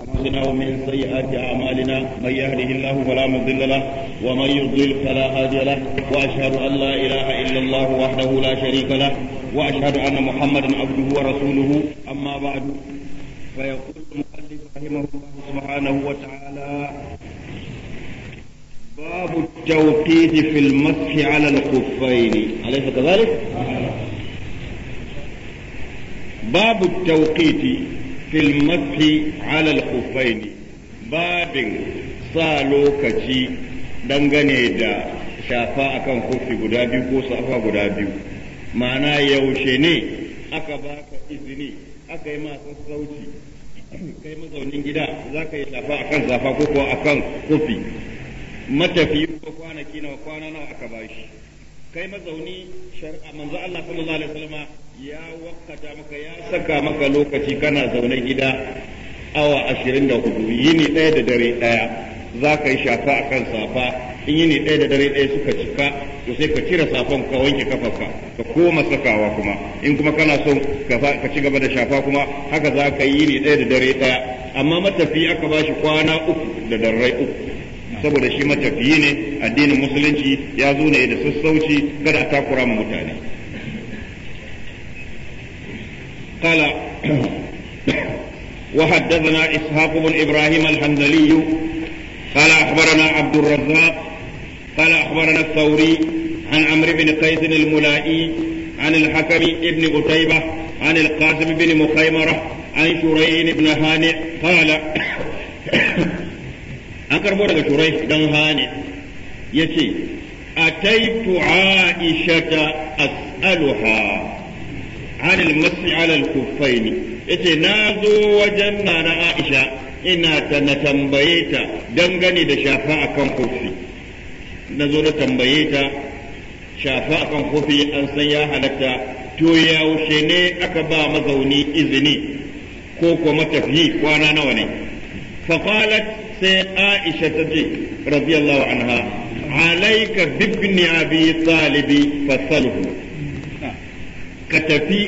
أعمالنا ومن سيئات أعمالنا من يهده الله فلا مضل له ومن يضلل فلا هادي له وأشهد أن لا إله إلا الله وحده لا شريك له وأشهد أن محمدا عبده ورسوله أما بعد فيقول المؤلف رحمه الله سبحانه وتعالى باب التوقيت في المسح على الخفين أليس كذلك؟ آه. باب التوقيت fil mafi alal kufaini babin sa lokaci dangane da shafa akan kofi guda biyu ko safa guda biyu ma'ana yaushe ne aka baka izini aka yi masu sauci kai mazaunin gida za ka yi shafa akan zafa ko kuwa akan kofi matafiyi ko kwanaki nawa kwana nawa bashi kai mazauni shar'a manzo Allah sallallahu alaihi wasallam ya wakata maka ya saka maka lokaci kana zaune gida awa ashirin da hudu yini ɗaya da dare ɗaya za ka yi shafa a kan safa in yini ɗaya da dare ɗaya suka cika to sai ka cire safon ka wanke kafarka ka koma sakawa kuma in kuma kana son ka ci gaba da shafa kuma haka za ka yi yini ɗaya da dare ɗaya amma matafi aka ba shi kwana uku da dare uku saboda shi matafiyi ne addinin musulunci ya zo ne da sassauci kada a takura ma mutane قال وحدثنا إسحاق بن إبراهيم الحنظلي قال أخبرنا عبد الرزاق قال أخبرنا الثوري عن عمرو بن قيس الملائي عن الحكم بن قتيبة عن القاسم بن مخيمرة عن شرين بن هانئ قال أنكر بورك شريح بن هانئ يتي أتيت عائشة أسألها anil mas'i ala ne. kuffaini yace na zo wajen nana Aisha ina ta na tambaye ta dangane da shafa kan kofi na zo na tambaye ta shafa kan kofi an san ya halatta to yaushe ne aka ba mazauni izini ko kuma matafiyi kwana nawa ne فقالت sai aisha ta ce الله عنها عليك بابن أبي طالب فصله ka tafi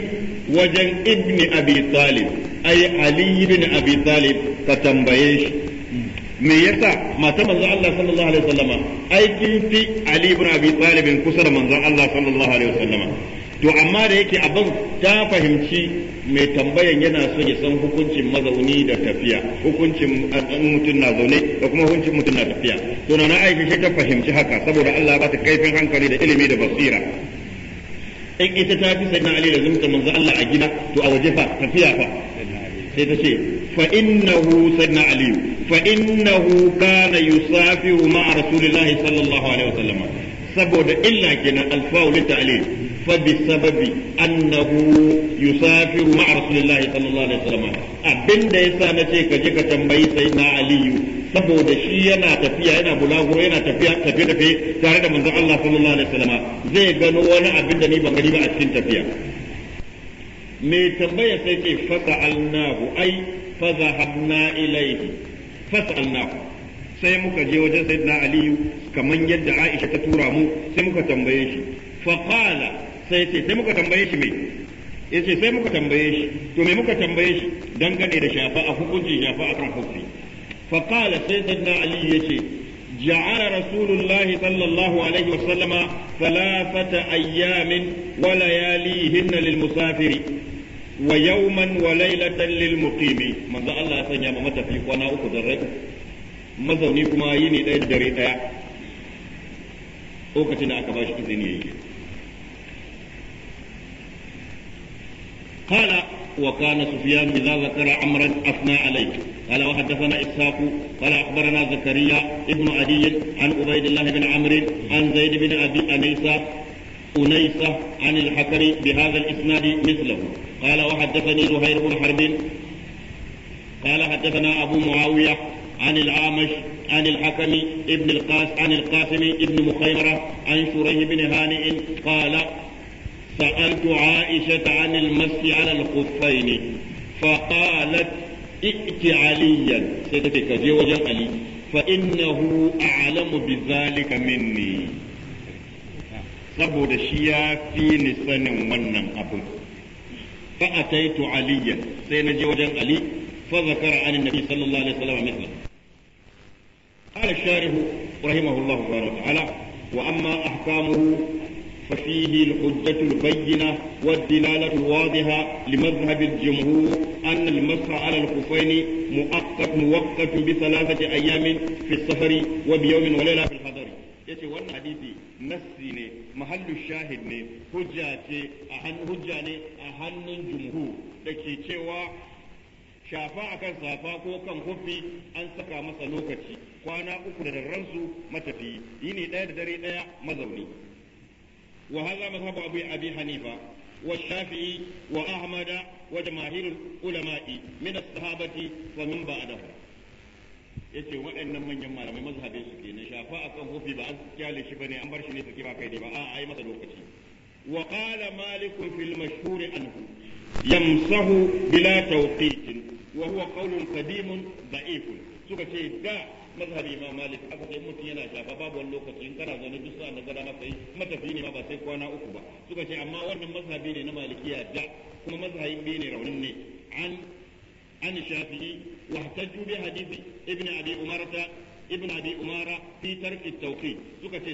wajen Ibni abi talib ay ali ibn abi talib ka tambaye shi me yasa mata manzon Allah sallallahu alaihi wasallama ai kin fi ali ibn abi talib kusa da manzon Allah sallallahu alaihi wasallama to amma da yake abin ta fahimci mai tambayan yana so ya san hukuncin mazauni da tafiya hukuncin ah, mutum na zaune da kuma hukuncin mutum na tafiya to na aisha ta fahimci haka saboda Allah ba ta kaifin hankali da ilimi da basira in ita ta fi sayyidina ali da zumta manzo Allah a gida to a waje fa tafiya fa sai ta ce fa innahu sayyidina ali fa innahu kana yusafiru ma'a sallallahu alaihi wasallam saboda illa kenan alfa'u litalil فبسبب أنه يسافر مع رسول الله صلى الله عليه saboda shi yana tafiya yana bulaguro yana tafiya tafiye tafiye tare da manzon Allah sallallahu alaihi wasallam zai gano wani abin da ni ban gani ba a cikin tafiya me tambaya sai ce fasa alnahu ai fa zahabna ilaihi fasa alnahu sai muka je wajen sayyidina aliyu kamar yadda aisha ta tura mu sai muka tambaye shi fa qala sai ce sai muka tambaye shi me yace sai muka tambaye shi to me muka tambaye shi dangane da shafa a hukuncin shafa akan hukunci فقال سيدنا علي يشي جعل رسول الله صلى الله عليه وسلم ثلاثة أيام ولياليهن للمسافر ويوما وليلة للمقيم من ذا الله سنيا ما في وانا أكدر مزوني كما يني داي دري داي lokacin da aka ba shi izini yake kala وكان سفيان إذا ذكر عمرا أثنى عليه قال وحدثنا إسحاق قال أخبرنا زكريا ابن عدي عن عبيد الله بن عمرو عن زيد بن أبي أنيسة أنيسة عن الحكري بهذا الإسناد مثله قال وحدثني زهير بن حرب قال حدثنا أبو معاوية عن العامش عن الحكم ابن القاسم عن القاسم ابن مخيمرة عن شريه بن هانئ قال سألت عائشة عن المس على الخفين فقالت ائت عليا سيدتك جي وجن علي فإنه أعلم بذلك مني saboda shi ya fi ni sanin wannan abin fa ataitu aliya sai na je wajen ali fa zakara an nabi sallallahu alaihi wasallam mithla qala sharih rahimahullahu ta'ala wa amma ahkamuhu ففيه الحجة البينة والدلالة الواضحة لمذهب الجمهور أن المسح على الخفين مؤقت مؤقت بثلاثة أيام في السفر وبيوم وليلة في الحضر yace wannan hadisi nassi ne mahallu shahid ne hujja ce a hannun hujja ne a hannun jumhur da ke cewa shafa akan safa ko kan hufi an saka masa lokaci kwana uku da darransu matafiyi yini ɗaya da dare ɗaya mazauni وهذا مذهب أبو أبي حنيفة والشافعي وأحمد وجماهير العلماء من الصحابة ومن بعدهم yace waɗannan manyan malamai mazhabin su na shafa kan hufi ba an kyale shi bane an bar shi ne saki ba kai ne ba a ai masa lokaci wa qala malik fil mashhur anhu yamsahu bila tawqit wa huwa qawlun qadim da'if suka ce da mazhabi imam malik aka sai mutum yana shafa babu wani lokaci in kana zaune duk sa'an da gada maka yi matafi ne ma ba sai kwana uku ba suka ce amma wannan mazhabi ne na malikiya da kuma mazhabin biyu ne raunin ne an hadisi ibn واحتجوا بحديث ابن ابي اماره ابن ابي اماره في ترك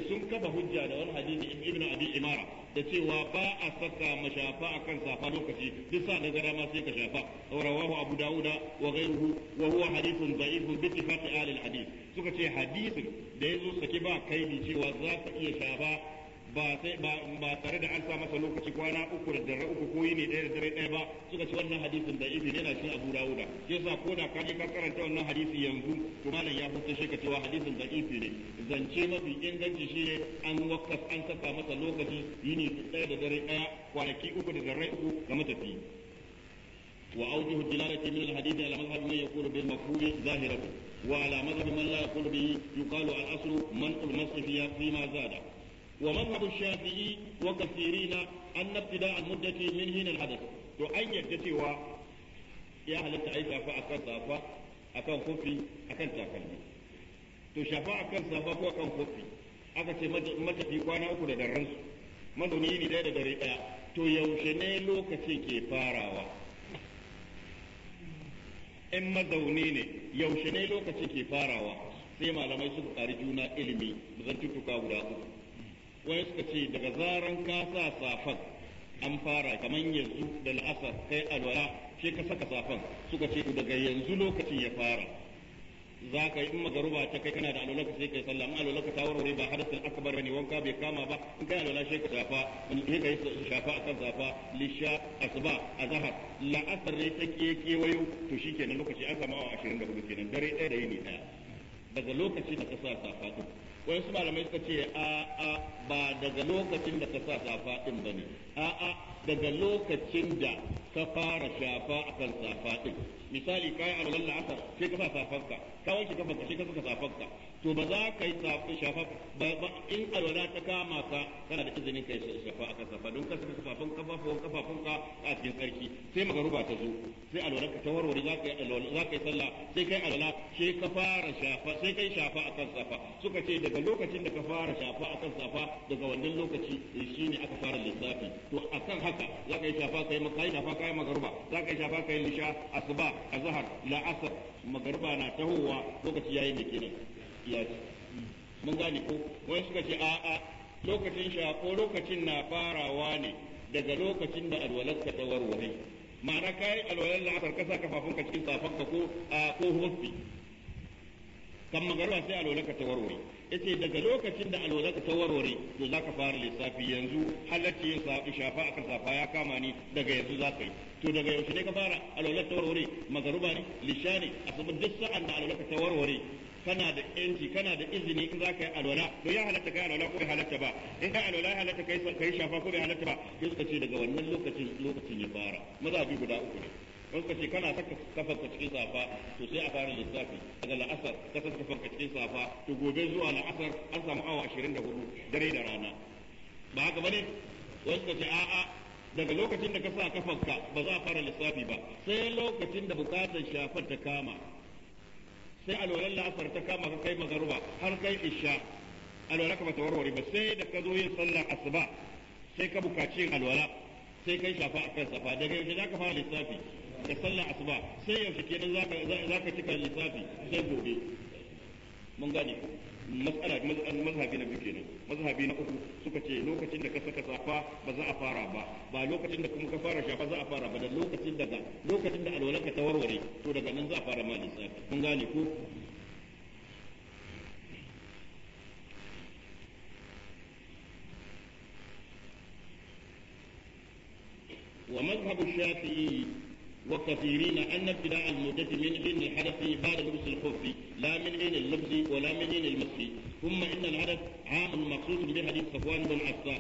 sun سكت hujja da wani hadisi ibn ابي اماره da cewa ba a saka mashafa a kan safa lokaci duk sa da gara ma sai ka shafa rawahu abu dauda wa ghayruhu wa huwa hadithun da'ifun bi ittifaqi ahli hadith suka ce hadisin da yazo sake ba kaini cewa za ka iya shafa ba tare da an sa masa lokaci kwana uku da dare uku ko yi yini ɗaya da dare ɗaya ba suka ci wannan hadisin da ibi yana cikin Abu Dawuda yasa ko da ka je ka karanta wannan hadisi yanzu to malam ya fito shi ka cewa hadisin da ibi ne zance mafi inganci shi ne an wakkas an saka masa lokaci yini ɗaya da dare ɗaya kwanaki uku da dare uku ga matafi وأوجه الدلالة من الحديث على مذهب من يقول بالمفهوم ظاهرة وعلى مذهب من لا يقول به يقال الأصل منع المسح فيما زاد ومذهب الشافعي وكثيرين أن ابتداء المدة من هنا الحدث وأن يتسوى يا أهل التعيسى فأكن صافا أكن خفي أكن تاكلمي تشفى أكن صافا وأكن خفي أكن متفي وانا أكل درنس mazauni ne ɗaya da dare ɗaya to yaushe ne lokaci ke farawa in mazauni yaushe ne lokaci ke farawa sai malamai suka ƙari juna ilimi zan guda uku wai suka ce daga zaran ka sa safan an fara kamar yanzu da la'asar kai alwala sai ka saka safan suka ce daga yanzu lokacin ya fara za ka yi in garuba ta kai kana da alwala ka sai kai sallah amma alwala ka ta warware ba hadasa akbar bane wanka bai kama ba in kai alwala sai ka shafa in kai ka shafa akan safa lisha asba azhar la ne ta keke wayo to shikenan lokaci an samu kama 24 kenan dare ɗaya da yini ɗaya daga lokacin da ka sa safa wai su malamai suka ce a a ba daga lokacin da ka sa safa din bane a a daga lokacin da ka fara shafa a kan safa ɗin misali kayi a lalla asa sai ka sa safanka ka wanke kafanka sai ka saka safanka to ba za ka yi shafa ba in alwala ta kama ka kana da izinin ka yi shafa a kan safa don ka saka kafafun kafafun kafafun ka a cikin sarki sai magaruba ta zo sai alwala ka ta warware za ka yi alwala za ka yi sallah sai kai alwala sai ka fara shafa sai kai shafa a kan safa suka ce daga lokacin da ka fara shafa a kan safa daga wannan lokaci eh, shine aka fara lissafi to akan haka haka za ka yi shafa kai maka yi shafa kai magaruba za ka yi shafa kai lisha asuba azhar la asr magaruba na tahowa lokaci yayin da kenan ya ce mun gane ko wani suka ce a a lokacin shafo lokacin na farawa ne daga lokacin da ka ta warware ma'ana kai alwalar la'asar kasa kafafun ka cikin ka ko a ko hofi kan magaruba sai ka ta warware yace daga lokacin da alwala ka warware to zaka fara lissafi yanzu halacci yin shafa akan safa ya kama ni daga yanzu zaka yi to daga yaushe ne ka fara alwala warware magaruba ne lisha ne duk sa'an da alwala ka tawarware kana da yanci kana da izini in za ka yi alwala to ya halatta kai alwala ko bai halatta ba in kai alwala ya halatta kai kai shafa ko bai halatta ba sai suka ce daga wannan lokacin lokacin ya fara maza bi guda uku ne in ka ce kana saka kafanka cikin safa to sai a fara lissafi daga la'asar ka saka kafanka cikin safa to gobe zuwa la'asar an samu awa hudu dare da rana ba haka bane wasu ka ce a'a daga lokacin da ka sa kafanka ba za a fara lissafi ba sai lokacin da bukatar shafar ta kama sai alwalar la'asar ta kama ka kai magaruba har kai isha alwala ka bata warware ba sai da ka zo yin sallar asuba sai ka bukaci alwala sai kai shafa akan safa daga yaushe za ka fara lissafi da sallah asuba sai yaushe kenan za ka cika lissafi sai gobe mun gane ku mas'ala mazhabi na biyu kenan mazhabi na uku suka ce lokacin da ka saka safa ba za a fara ba ba lokacin da kuma ka fara shafa za a fara ba da lokacin da lokacin da alwala ta warware to daga nan za a fara ma lissafi mun gane ku ومذهب الشافعي والكثيرين أن ابتداء الموجة من حين الحدث بعد لبس الخف لا من حين اللبس ولا من حين المسح ثم إن الحدث عام مخصوص بحديث صفوان بن عفان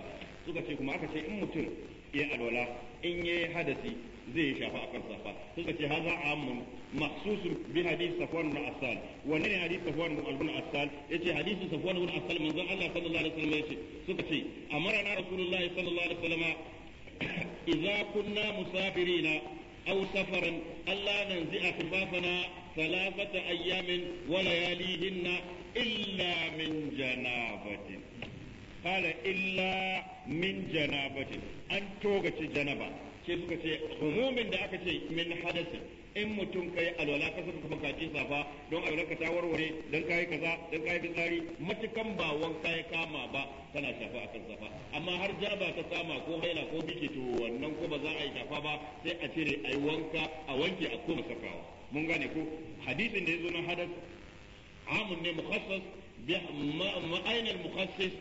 suka ce kuma aka ce in mutum ya alwala in ya hadasi zai shafa akan safa suka ce haza amun mahsusun bi hadith safwan bin asal wanne ne hadith safwan bin asal yace hadith safwan bin asal manzon Allah sallallahu alaihi wasallam yace suka ce amarna rasulullahi sallallahu alaihi musafirina أو سفرا ألا ننزع خفافنا ثلاثة أيام ولياليهن إلا من جنابة قال إلا من جنابة أن توغة جنبة sai suka ce umumin da aka ce min hadasin in mutum ka yi alwala ka saka kuma kace safa don a ka ta warware don kayi kaza don kayi fitsari matukan ba wanka ya kama ba tana shafa akan safa amma har ja ba ta kama ko haila ko biki to wannan ko ba za a yi shafa ba sai a cire a yi wanka a wanke a koma sakawa mun gane ko hadisin da ya zo na hadas amun ne mukhassas bi ma'ainar mukhassas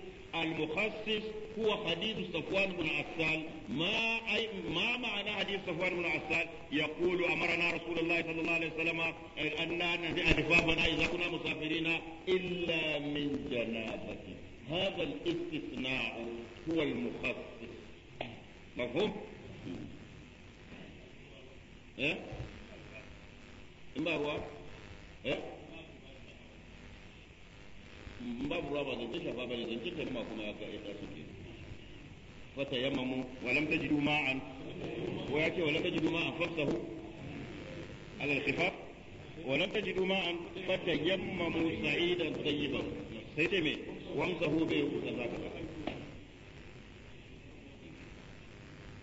المخصص هو حديث صفوان بن عسال ما أي ما معنى حديث صفوان بن عسال يقول أمرنا رسول الله صلى الله عليه وسلم أن لا نبيع إذا كنا مسافرين إلا من جنابة هذا الاستثناء هو المخصص مفهوم؟ إيه؟ ما هو؟ إيه؟ babu ruwa ba zancen shafa bane zancen ma kuma ya ga suke fata yammamu walam tajidu ma'an wa yake ce walam tajidu ma'an fafsahu alal khifaf walam tajidu ma'an fata yammamu sa'idan tayyiban sai ce me wamsahu bai kuka za ka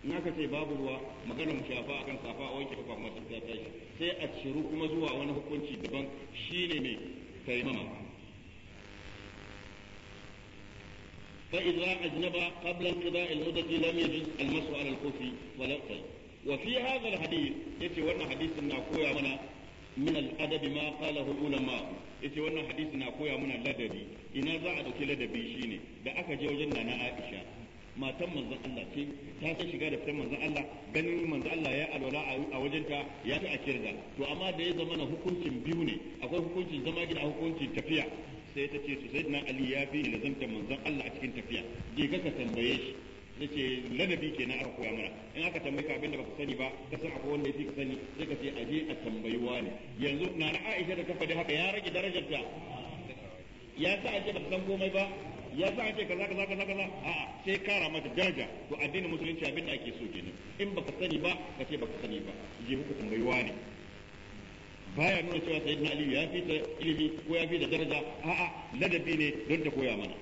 na aka ce babu ruwa maganar shafa akan safa a wanke kafa kuma ta tashi sai a ciru kuma zuwa wani hukunci daban shine ne taimama فإذا أجنب قبل انقضاء المدة لم يجوز المسح على الخف ولا الطيب وفي هذا الحديث يتي وانا حديث wannan hadisi na koya mana ladabi ina za a dauki ladabi shine da aka je wajen nana Aisha matan manzon Allah ce ta san shiga da fitan manzon Allah ganin manzon Allah ya alwala a wajen ta ya fi a kirga to amma da ya zama na hukuncin biyu ne akwai hukuncin zama gida hukuncin tafiya sai ta ce su sayyidina ali ya fi lazantar manzon Allah a cikin tafiya je ka tambaye shi yace ladabi kenan aka koya mana in aka tambayi ka abinda da baka sani ba ka san akwai wanda yake sani sai ka ce a je a tambayi wani yanzu na na Aisha da ta faɗi haka ya rage darajarta ya sa a ake ba san komai ba ya sa ake kaza kaza kaza kaza a'a sai kara mata daraja to addinin musulunci abin da ake so kenan in ba ka sani ba ka ce ba ka sani ba je ku tambayi wani baya nuna cewa sayyidina aliyu ya fi ta ilimi ko ya fi da daraja a'a ladabi ne don ta koya mana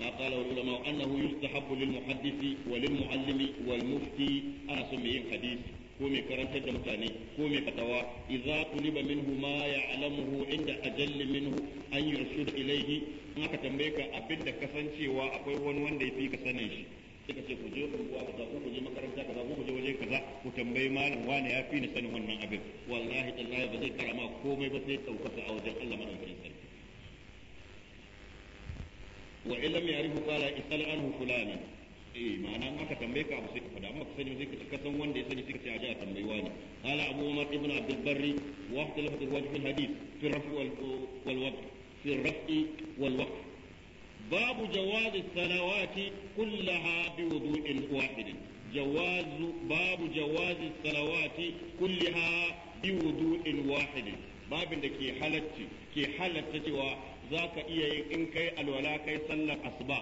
ما قال العلماء أنه يستحب للمحدث وللمعلم والمفتي أنا سميهم حديث ko mai karantar da mutane ko mai fatawa idza tuliba minhu ma inda ajalli minhu an yursud ilayhi in aka tambaye ka abinda kasancewa akwai wani wanda ya fi ka sanin shi suka ce ku je kaza ku je makaranta kaza ku je waje kaza ku tambayi malam wani ya fi ni sanin wannan abin wallahi tallahi ba zai karama komai ba sai a wajen Allah madaukakin sarki wa in lam yarifu qala isal anhu eh ma'ana in aka tambaye ka abu sai ka faɗa amma ka sani ka san wanda ya sani sai ka ce a ji a tambayi wani abu umar ibn abdul barri wa ikhtilafat fi hadith fi rafi wal-waqf fi rafi wal-waqf باب جواز الصلوات كلها بوضوء واحد جواز باب جواز الصلوات كلها بوضوء واحد babin da ke halacci ke halatta cewa za ka iya yin in kai alwala kai sallar asuba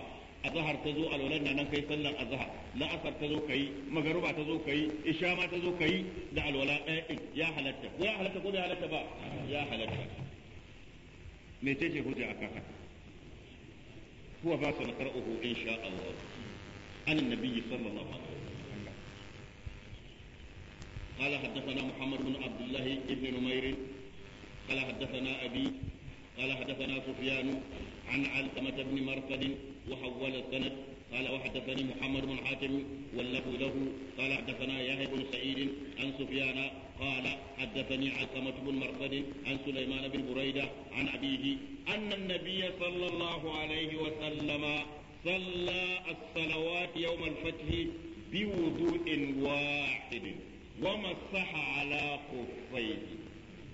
azhar ta zo na nan kai sallar azhar la'asar ta zo kai magaruba ta zo kai isha ma ta zo kai da alwala ɗaya din ya halatta ko ya halatta ko bai halatta ba ya halatta me ce hujja akan haka هو ما سنقرأه إن شاء الله عن النبي صلى الله عليه وسلم قال حدثنا محمد بن عبد الله بن نمير قال حدثنا أبي قال حدثنا سفيان عن علقمة بن مرقد وحول السند قال وحدثني محمد بن حاتم واللفظ له قال حدثنا يحيى بن سعيد عن سفيان قال حدثني عكمة بن مرقد عن سليمان بن بريدة عن أبيه أن النبي صلى الله عليه وسلم صلى الصلوات يوم الفتح بوضوء واحد ومسح على خفيه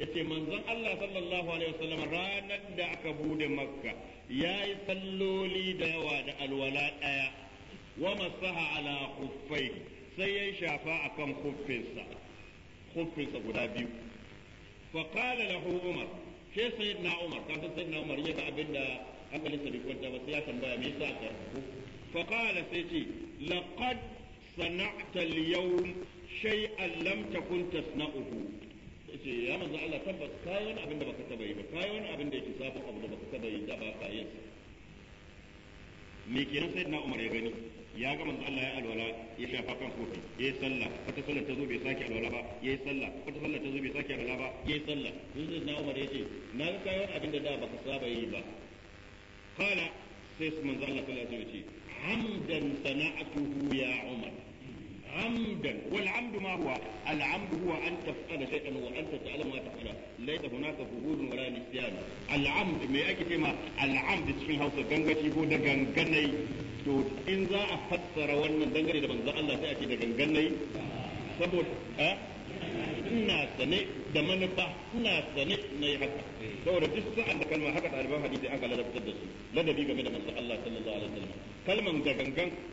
yace manzon Allah sallallahu alaihi wasallam ranar da aka bude makka yayi salloli da yawa da alwala daya wa masaha ala kuffai sai ya shafa akan kuffinsa hufinsa guda biyu fa qala lahu umar sai sayyidina umar kafin san sayyidina umar ya ga abin da hankalin sa bai kwanta ba sai ya tambaya me yasa ka fa qala sai ce laqad sana'ta al-yawm shay'an lam takun tasna'uhu ce ya manzo Allah tabbas kai wani abin da baka taba yi ba kai wani abin da yake sabon abu da baka taba yi da ba ka yi me kenan sayyidina umar ya gani ya ga manzo Allah ya alwala ya shafa kan kofi yayi sallah wata sallah ta zo bai sake alwala ba yayi sallah wata sallah ta zo bai sake alwala ba yayi sallah yanzu na Umar yace na ga kai abin da da baka saba yi ba qala sai manzo Allah sallallahu alaihi wasallam amdan sana'atuhu ya Umar عمدا والعمد ما هو؟ العمد هو أن تفعل شيئا وأنت تعلم ما تفعل، ليس هناك فهود ولا نسيان. العمد ما أكتم العمد تشين هوسا غنغتي هو دغنغني to in za a fassara wannan dangane da manzo Allah sai a ce da gangan saboda eh ina sane da manufa ina sane na yi haka saboda duk sa'ad da kalma haka ɗaliban hadisi aka ladabtar da su ladabi game da manzan Allah sallallahu alaihi wasallam kalman da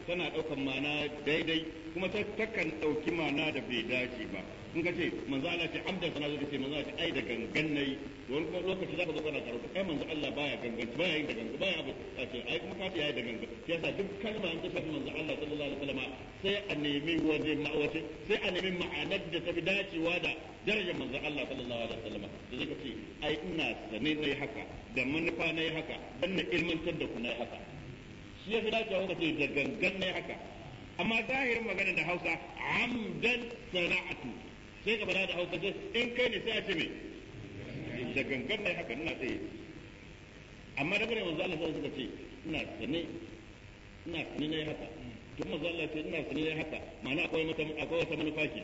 tana ɗaukar mana daidai kuma ta takan ɗauki mana da bai dace ba in ka ce manzo Allah ce amda sana zo ce manzo Allah ai da gangan nayi wani kuma lokaci zaka zo kana karatu ai manzo Allah baya gangan baya yin da gangan baya abu a ce ai kuma kafi yayi da gangan sai yasa duk kalma an tafi manzo Allah sallallahu alaihi wasallam sai a nemi waje ma'awace sai a nemi ma'anar da tafi dacewa da darajar manzo Allah sallallahu alaihi wasallam da zaka ce ai ina sanin nayi haka da manufa nayi haka dan na ilmantar da ku nayi haka shi ya fi dacewa kuka ce da gangan ne haka amma zahirin magana da hausa amdan sana'atu sai ka bada da hausa ce in kai ne sai a ce me da gangan ne haka ina tsaye amma da gare manzo Allah sai suka ce ina sane ina sane ne haka to manzo Allah ce ina sane ne haka ma'ana akwai mata akwai wata manufa ke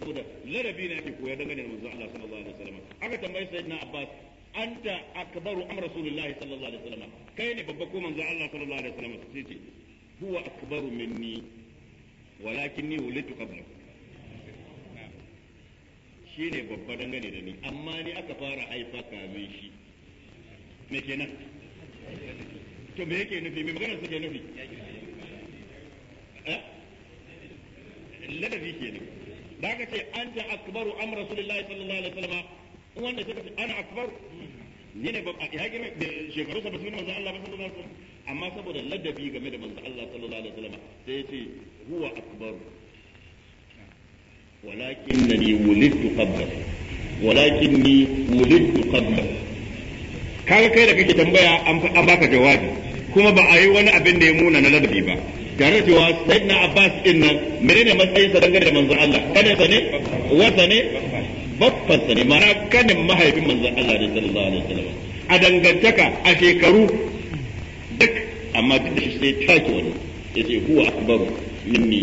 saboda larabi ne ake koya dangane da manzo Allah sallallahu alaihi wasallam aka tambayi sayyidina Abbas anta akbaru am rasulillahi sallallahu alaihi wasallam kai ne babba ko manzo Allah sallallahu alaihi wasallam sai ce huwa akbaru minni walakinni wulitu qabla shi ne babba dangane da ni amma ni aka fara haifa kamin shi me kenan to me yake nufi me magana suke nufi eh? ladabi kenan da aka ce anta akbaru am rasulillahi sallallahu alaihi wasallam wanda suka ce ana akbaru ne ne ya girma da shekaru sa basu manzo Allah ba sallallahu alaihi wasallam amma saboda ladabi game da manzo Allah sallallahu alaihi wasallam sai yace huwa akbar walakinni wulidtu qabla walakinni wulidtu qabla kaga kai da kake tambaya an baka jawabi kuma ba a yi wani abin da ya muna na ladabi ba tare da cewa sayyidina Abbas din nan menene matsayin sa dangane da manzo Allah kana sane ne wata ne baffansa ne mana kanin mahaifin manzan Allah ne sallallahu alaihi wasallam a dangantaka a shekaru duk amma duk da shi sai take wani ce huwa akbaru minni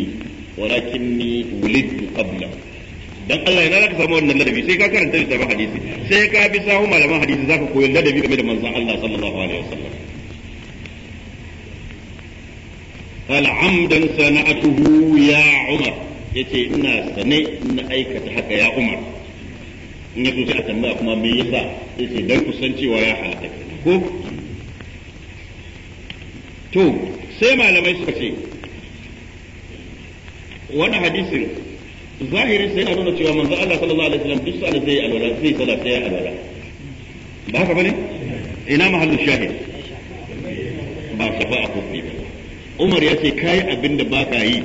walakinni wulidtu qabla dan Allah yana zaka samu wannan ladabi sai ka karanta littafin hadisi sai ka bi sahu malaman hadisi zaka koyi ladabi game da manzan Allah sallallahu alaihi wasallam قال عمدا صنعته يا عمر يتي ina sane na aikata haka ya umar in ya a tambaya kuma me yasa sai ce dan kusan cewa ya halatta ko to sai malamai suka ce wannan hadisin zahirin sai yana nuna cewa manzo Allah sallallahu alaihi wasallam duk sa'ala zai alwala zai salata ya alwala ba haka bane ina mahallu shahid ba shafa a kofi ba Umar ya ce kai abinda ba ka yi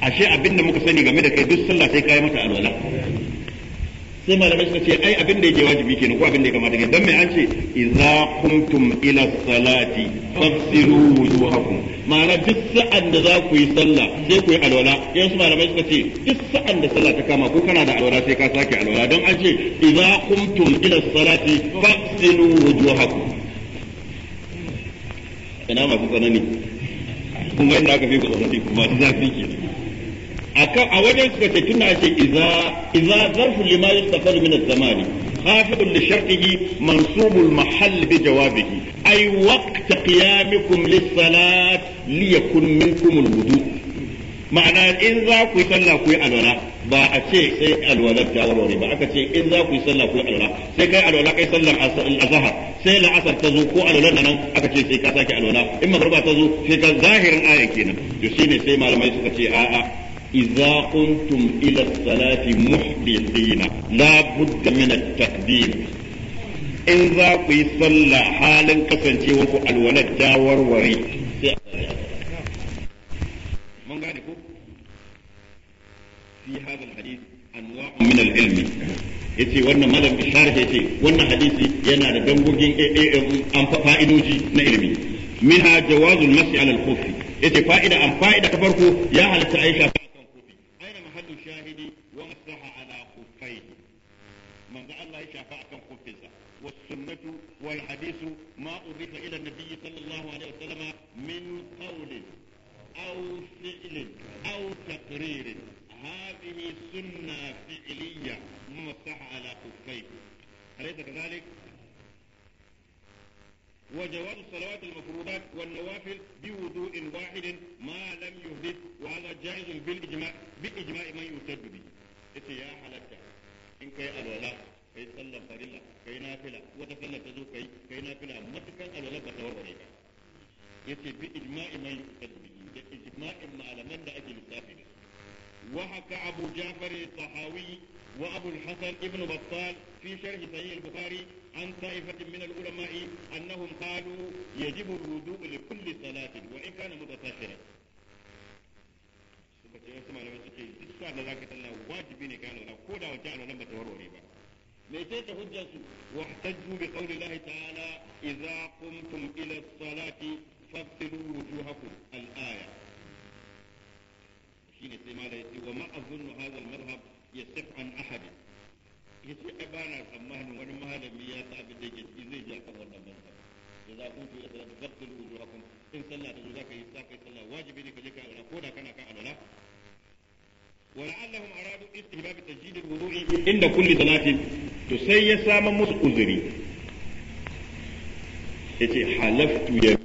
ashe abinda muka sani game da kai duk sallah sai kai mata alwala sai malamai suka ce ai abin da yake wajibi kenan ko abin da ya kamata kenan dan me an ce idza kuntum ila salati fasiru wujuhakum ma'ana duk sa'an da za ku yi sallah sai ku yi alwala su malamai suka ce duk sa'an da sallah ta kama ko kana da alwala sai ka sake alwala dan an ce idza kuntum ila salati fasiru wujuhakum ina ku tsanani kun ga inda aka fi ku tsanani kuma zafi kenan akan a wajen suka ce tunda ake iza iza zarfu lima yustafad min az-zamani hafidun li shartihi mansubul mahall bi jawabihi ay waqt qiyamikum lis-salat liyakun minkum al-wudu ma'ana in za ku yi sallah ku yi alwala ba a ce sai alwala ta warware ba aka ce in za ku yi sallah ku yi alwala sai kai alwala kai sallar azhar sai la'asar ta zo ko alwala nan aka ce sai ka sake alwala in magruba ta zo sai ka zahirin aya kenan to shine sai malamai suka ce a'a إذا قمتم إلى الصلاة محدثين لا بد من التقديم إن ذاقوا يصلى حالا كسن شيوكو الولد جاور وري من في هذا الحديث أنواع من العلم yace wannan malam bishar yace wannan hadisi yana da dangogin an fa'idoji na ilimi minha jawazul mas'i ala al-khuf yace fa'ida an fa'ida ta farko ya halatta aisha والحديث ما أضيف إلى النبي صلى الله عليه وسلم من قول أو فعل أو تقرير هذه سنة فعلية ممسحة على خفين أليس كذلك؟ وجواز الصلوات المفروضات والنوافل بوضوء واحد ما لم يهدد وهذا جائز بالإجماع بإجماع من يهتد به. إيه يا حلقة إن كي الولاء kai sallar farilla kai nafila wata sallar ta zo kai kai nafila matukan alwalar ba ta warware ka yace bi ijma'i man yuqad bihi da ijma'in malaman da ake lissafi da وحكى أبو جعفر الطحاوي وأبو الحسن ابن بطال في شرح صحيح البخاري عن طائفة من العلماء أنهم قالوا يجب الوضوء لكل صلاة وإن كان متساهلا suka ce wasu malamai suke duk sa da zaka sallah wajibi ne ka alwala ko da wata alwala ba ta warware ba ميتيت هجته واحتجوا بقول الله تعالى إذا قمتم إلى الصلاة فاغسلوا وجوهكم الآية شين استعمال وما أظن هذا المذهب يصح عن أحد يسي أبانا سمان ونما هذا مياتا بديجت إذا جاء والله مذهب إذا قمتم إلى الصلاة فاغسلوا وجوهكم إن صلى تجوزاك يستاقي صلى واجب لك لك أولا كودا كان كأولا ولعلهم أرادوا استهباب تسجيل الوضوء عند كل صلاة to sai ya samu musu uzuri yace halaftu ya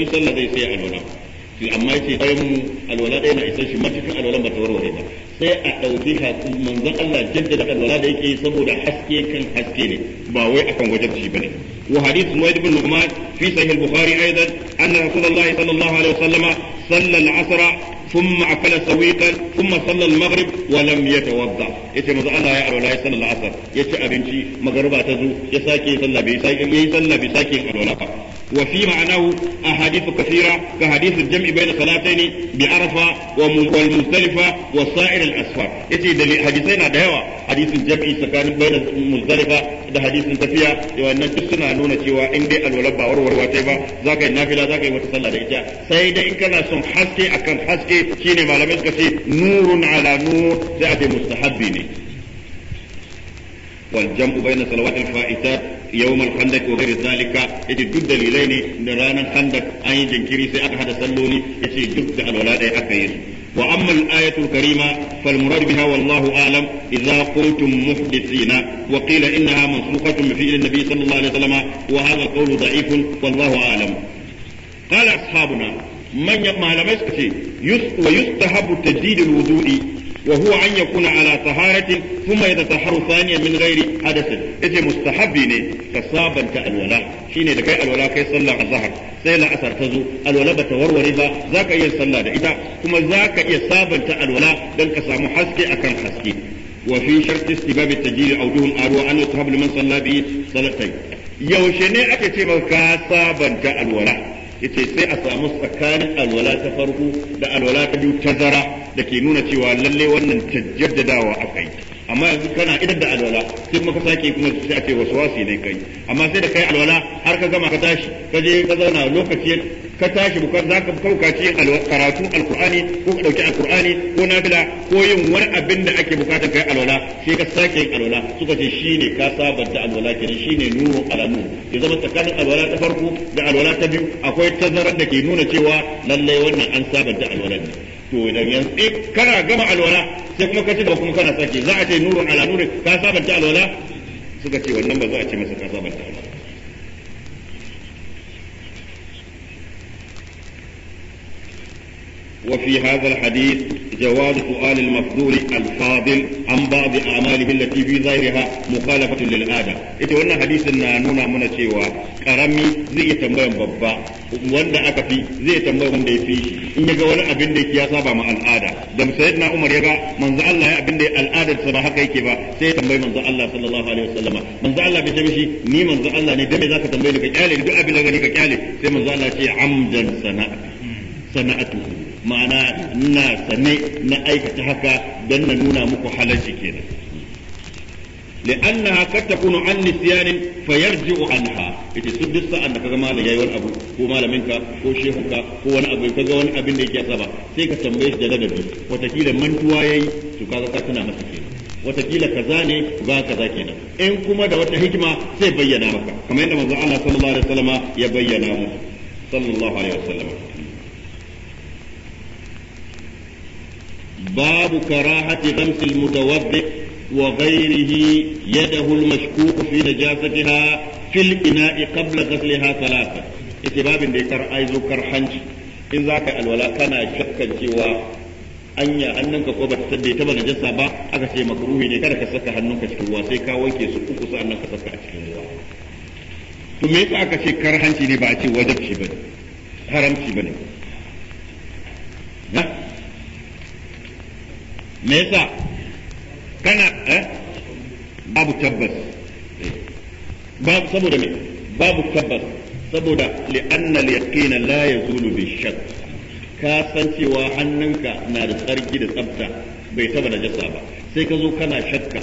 shi sallah zai sai alwala to amma yace bayan alwala ɗaya na isa shi matakan alwalan ba ta warware ba sai a dauki haƙin manzon Allah jaddada alwala da yake saboda haske kan haske ne ba wai akan wajen shi bane وحديث سويد بن نعمان في صحيح البخاري أيضا أن رسول الله صلى الله عليه وسلم صلى العصر ثم أكل سويقا ثم صلى المغرب ولم يتوضأ يتي مزا الله يا أرولا يصلى العصر يتي أبنشي مغربا تزو يساكي يصلى بيساكي يصلى بيساكي أرولا وفي معناه أحاديث كثيرة كحديث الجمع بين صلاتين بعرفة والمزدلفة وسائر الأسفار يتي دلي حديثين دهوا حديث الجمع سكان بين المزدلفة ده حديث تفيا وأن تسنا نونا سوى عندي الولبة ورور واتبا ذاك النافلة ذاك وتصلى لإجا سيدة إن كان سن حسكي أكن حسكي شيني ما لم نور على نور سأتي مستحبيني والجمع بين صلوات الفائتات yawmal khandaq wa ghayr zalika yace duk dalilai ne da ranar khandaq an yi jinkiri sai aka hada salloli yace duk da alwala da aka yi وأما الآية الكريمة فالمراد بها والله أعلم إذا قلتم محدثين وقيل إنها منسوخة بفعل النبي صلى الله عليه وسلم وهذا القول ضعيف والله أعلم قال أصحابنا من يما لمسك ويستحب تجديد الوضوء وهو أن يكون على طهارة ثم يتطهر ثانيا من غير حدث إذا مستحب ne ka sabanta alwala shine da kai alwala kai a azhar sai la'asar ta zo alwala bata warware ba za ka iya sallah da ita kuma za ka iya sabanta alwala dan ka samu haske akan haske wa fi sharti istibab at-tajil awduhum aru an yuthab liman salla bi salatayn yaushe ne ake ce ka sabanta alwala yace sai a samu tsakanin alwala ta farko da alwala ta biyu ta tazara da ke nuna cewa lalle wannan tajaddadawa akai amma yanzu kana idan da alwala sai maka sake kuma sai a ce waswasi ne kai amma sai da kai alwala har ka gama ka tashi ka je ka zauna lokaci ka tashi bukar za ka kauka cikin karatun alkur'ani ko ka dauki alkur'ani ko nafila ko yin wani abin da ake bukata kai alwala sai ka sake yin alwala suka ce ne ka sabanta alwala kenan ne nuru ala nur ya zama tsakanin alwala ta farko da alwala ta biyu akwai tazarar da ke nuna cewa lallai wannan an da alwala ne to idan yan kana gama alwala sai kuma ka ci da kuma kana sake za a ce nurun ala nuri ka sabanta alwala suka ce wannan ba za a ce masa ka sabanta alwala وفي هذا الحديث جواز سؤال المفضول الفاضل عن بعض أعماله التي في ظاهرها مخالفة للعادة إذا وانا حديث نانونا من شيوا كرمي زي تنبين ببا وانا أكفي زي تنبين وانا يفيش in ya ga wani abin da ya saba ma al'ada da sayyidina Umar ya ga manzo Allah ya abin da al'adar sa ba haka yake ba sai ya tambayi manzo Allah sallallahu alaihi wasallam manzo Allah bai tabi ni manzo Allah ne dan me zaka tambaye ni ka kyale duk abin da gani ka kyale sai manzo Allah a ce amdan sana'a sana'atu ma'ana na sane na aikata haka dan na nuna muku ke kenan لأنها قد تكون عن نسيان فيرجع عنها إذا سدست أن كذا ما لجاي أبو هو ما منك هو شيخك هو أبو أبن لك وتكيل من مسكين kaza ne ba kuma da wata hikima sai bayyana maka kamar yadda manzo bayyana babu وغيره يده المشكوك في نجاستها في الإناء قبل غسلها ثلاثة اتباب ديكر أيزو كرحنش إن ذاك الولاء كان شكا جوا anya hannunka ko bata sadde ta bana jasa ba aka ce makruhi ne kada ka saka hannunka cikin ruwa sai ka wanke su uku sa'annan ka saka a cikin ruwa to me yasa aka ce ne ba a ce haramci me kana eh babu tabbas babu saboda me babu tabbas saboda li'anna al-yaqina la yazulu bi-shakk ka san cewa hannunka na da tsarki da tsafta bai taba jasa ba sai ka zo kana shakka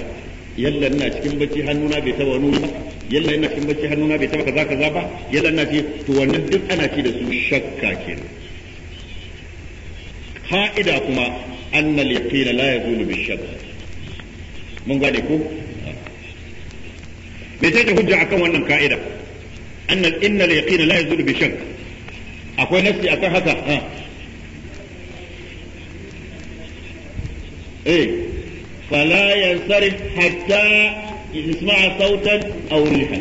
yalla ina cikin bacci hannuna bai taba wani ba yalla ina cikin bacci hannuna bai taba kaza kaza ba yalla ina ce to wannan duk ana ci da su shakka kenan ka'ida kuma anna al-yaqina la yazulu bi-shakk mun gane ko me take hujja akan wannan ka'ida annal innal yaqina la yazulu bi shakk akwai nafsi akan haka ha eh فلا ينصرف حتى يسمع صوتا او ريحا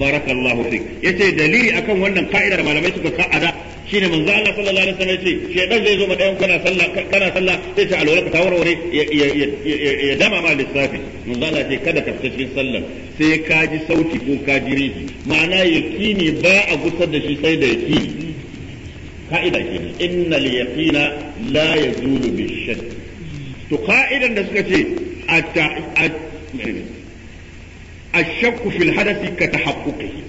بارك الله فيك يتي دليل wannan ka'idar malamai suka ka'ada shine manzo Allah sallallahu alaihi wasallam yace shedan zai zo ma dayan kana sallah kana sallah sai ta alwala ta warware ya dama ma lissafi manzo Allah yace kada ka fita cikin sallar sai ka ji sauti ko ka ji rihi ma'ana yakini ba a gusar da shi sai da yakini ka'ida ke kenan innal yaqina la yazulu bishad to ka'idan da suka ce a shakku fil hadasi ka tahaqquqihi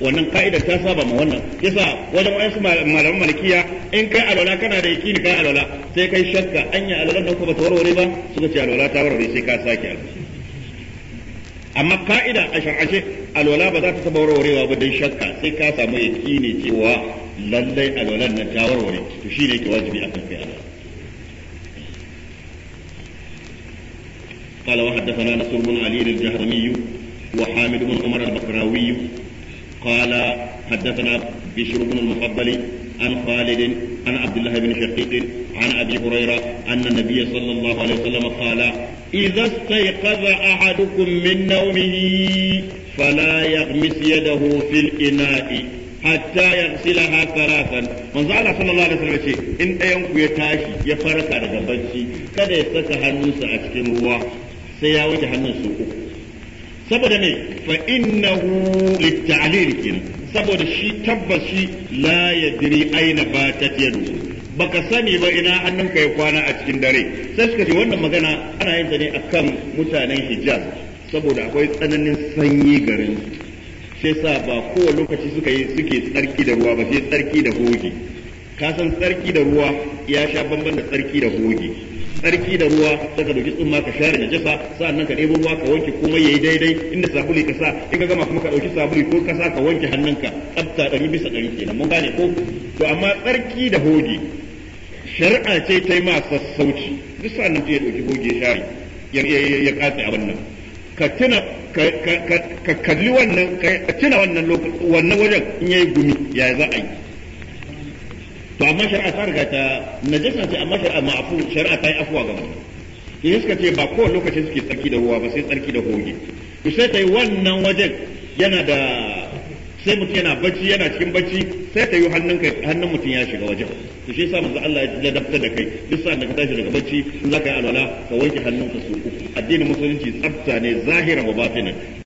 wannan ka'idar ta saba ma wannan yasa wajen wayansu malaman malikiya in kai alwala kana da yakini kai alwala sai kai shakka anya alwalan nan ko bata warware ba suka ce alwala ta warware sai ka sake alwala amma ka'ida a shar'ashe alwala ba za ta saba warwarewa ba dan shakka sai ka samu yakini cewa lallai alwalan na ta warware to shine yake wajibi akan kai alwala قال وحدثنا نصر بن علي الجهرمي وحامد بن عمر البكراوي قال حدثنا بشر بن المفضل عن خالد عن عبد الله بن شقيق عن ابي هريره ان النبي صلى الله عليه وسلم قال اذا استيقظ احدكم من نومه فلا يغمس يده في الاناء sallallahu alaihi wasallam ce in ɗayan ya tashi ya farka daga bacci kada ya saka hannunsa a cikin ruwa sai ya hannun uku saboda me fa innahu litta'lil kin saboda shi tabbas shi la yadri aina batat yadu baka sani ba ina hannunka ya kwana a cikin dare sai suka ce wannan magana ana yin ta ne akan mutanen Hijaz saboda akwai tsananin sanyi garin sai sa ba kowa lokaci suka yi suke tsarki da ruwa ba sai tsarki da goge kasan tsarki da ruwa ya sha bamban da tsarki da goge. tsarki da ruwa sai ka dauki tsumma ka share najasa nan ka ɗebo ruwa ka wanke komai yayi daidai inda sabuli ka sa in ka gama kuma ka dauki sabuli ko ka sa ka wanke hannunka tsafta ɗari bisa ɗari kenan mun gane ko to amma tsarki da hoge shari'a ce ta yi ma sassauci duk ce ya dauki hoge share ya ya katse abin nan ka tuna ka kalli wannan ka tuna wannan lokacin wannan wajen in yayi gumi ya za a yi to amma shari'a ta riga ta najasa ce amma shari'a ma'afu shari'a ta yi afuwa ga mutum shi suka ce ba kowane lokaci suke tsarki da ruwa ba sai tsarki da hoge to sai ta yi wannan wajen yana da sai mutum yana bacci yana cikin bacci sai ta yi hannun hannun mutum ya shiga wajen to shi yasa manzo Allah ya dafta da kai duk sa'an da ka tashi daga bacci in zaka yi alwala ka wanke hannunka su uku addinin musulunci tsafta ne zahiran wa batinan